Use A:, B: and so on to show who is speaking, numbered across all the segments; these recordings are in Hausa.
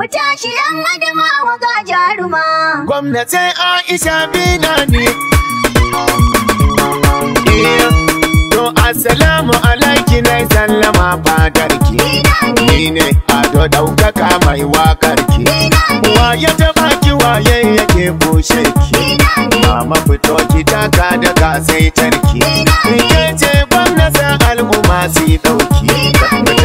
A: Mu tashi yan adamawa ga jaruma. Gwamnatin Aisha bina ne. Eh, to assalamu alaiki na sallama fadarki. Ni ne ado daukaka mai wakarki. Wa ya baki ki waye yake bushe ki. Mama fito ki ka da Ni Ke ce gwamnatin al'umma su dauki.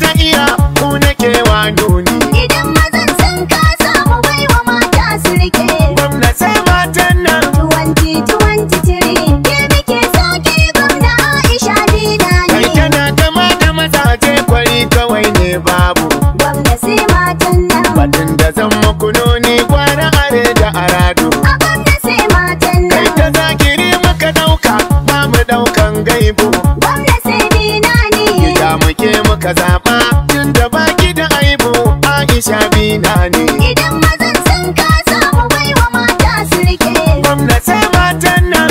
B: ta iya ku nake wa idan mazan sun ka samu baiwa mata su rike gwamna sai matan nan 2023 ke nake so ke gwamna Aisha dina ne kai kana kama da mazaje
A: kwari kawai ne babu gwamna sai matan nan batun da zan muku nuni gwara are da arado a gwamna sai matan nan kai ta zakiri muka dauka ba mu daukan gaibu gwamna sai dina mu ke muka zaɓa tun da baki da aibu Aisha bina ne. Idan mazan sun
B: kasa mu bai wa mata su rike. Gwamna sai matan nan.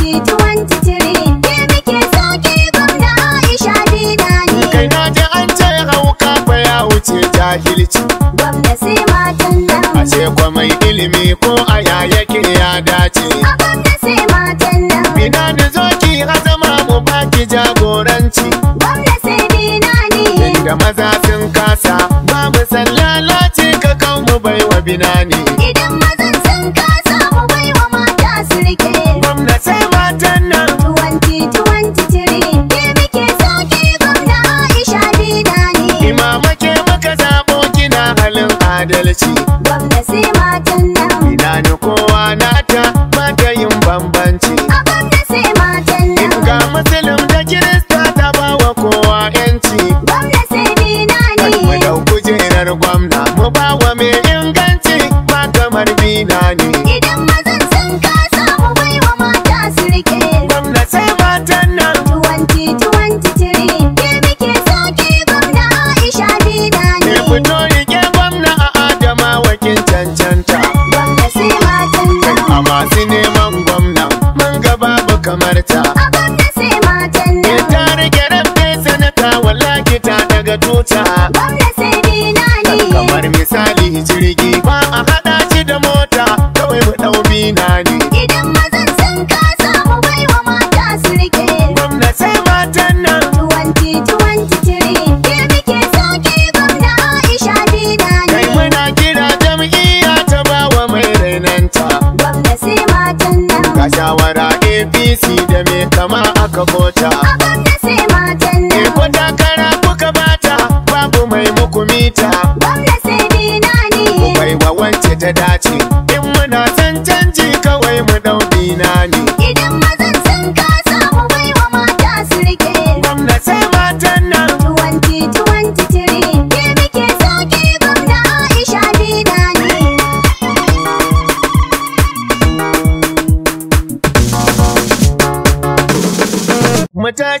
B: 2023 ke muke sauke gwamna Aisha bina ne. Kai na ji an ce hauka fa ya wuce jahilci. Gwamna sai matan nan.
A: Ashe kwa mai ilimi ko a yayake ya dace. A gwamna sai matan nan. Bina da zo ki hazama mu baki jagoranci. salla na ce ka kan mu wa
B: binani. Idan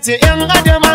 A: ce yan adam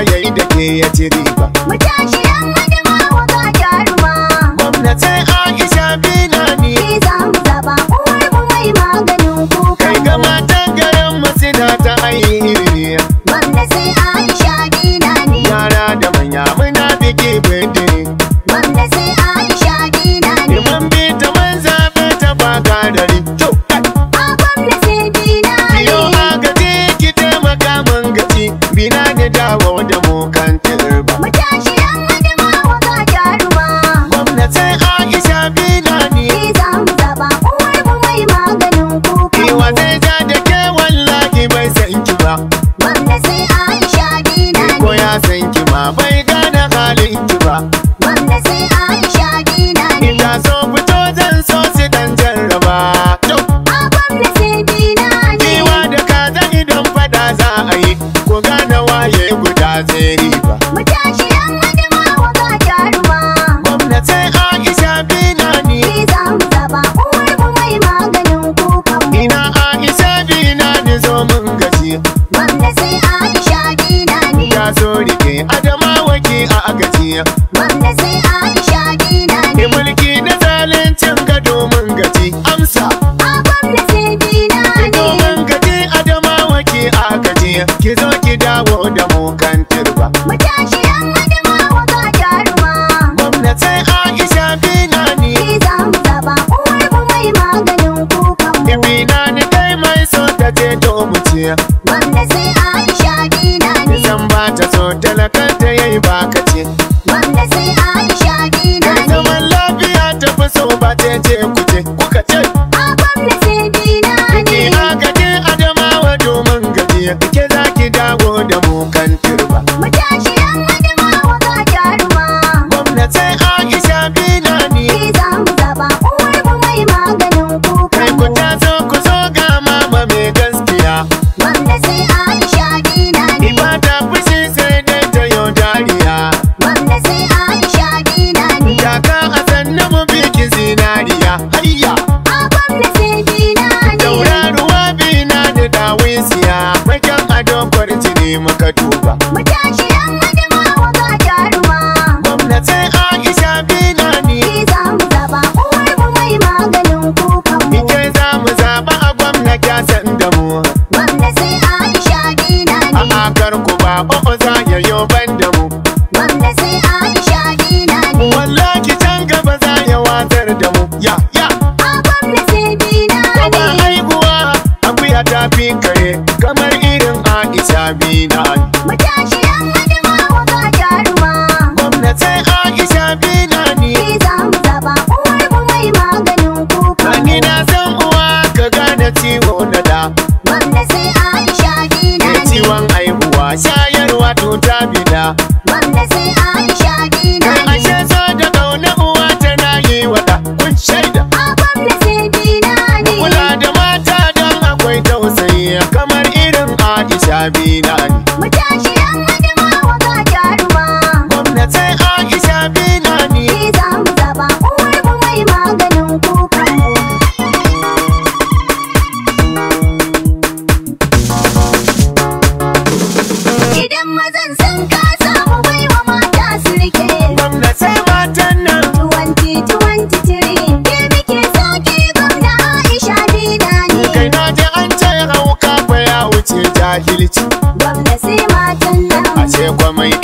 A: ma ya yi da ke ya ci riba. Mutashi yan wani ma
B: wata jaruma. Gwamnatin
A: da wanda sai Aisha dina ne a kar ba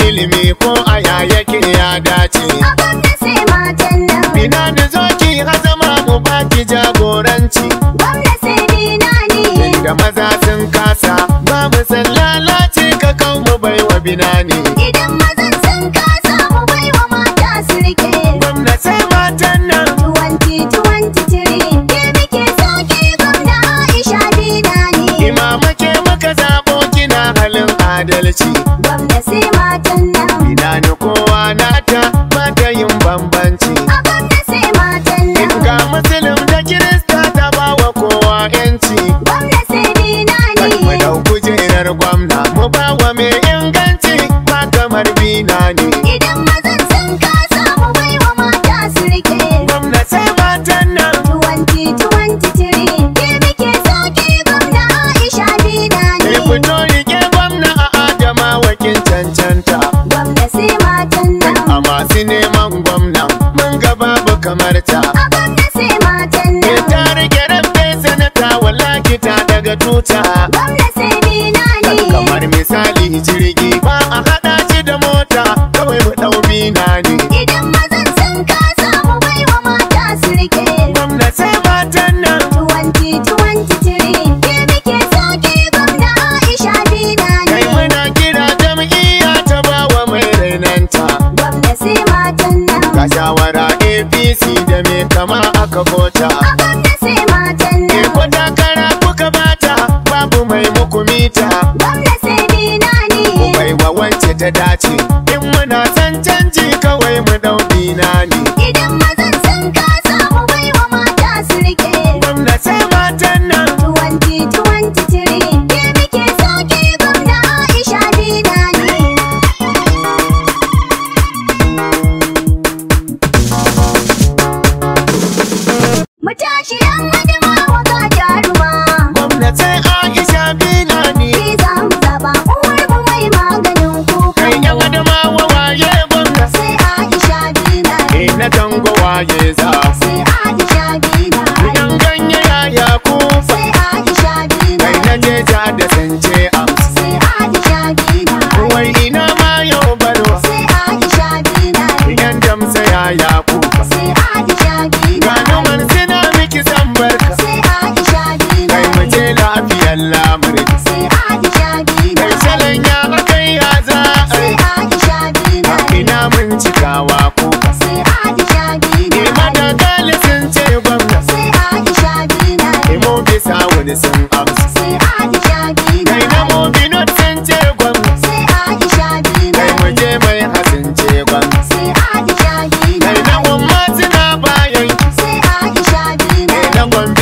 A: ilimi ko a yake ya dace ina da zoki hazama mu baki jagoranci da maza sun kasa babu san lalace ka kawo mu baiwa binani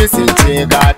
A: se entregar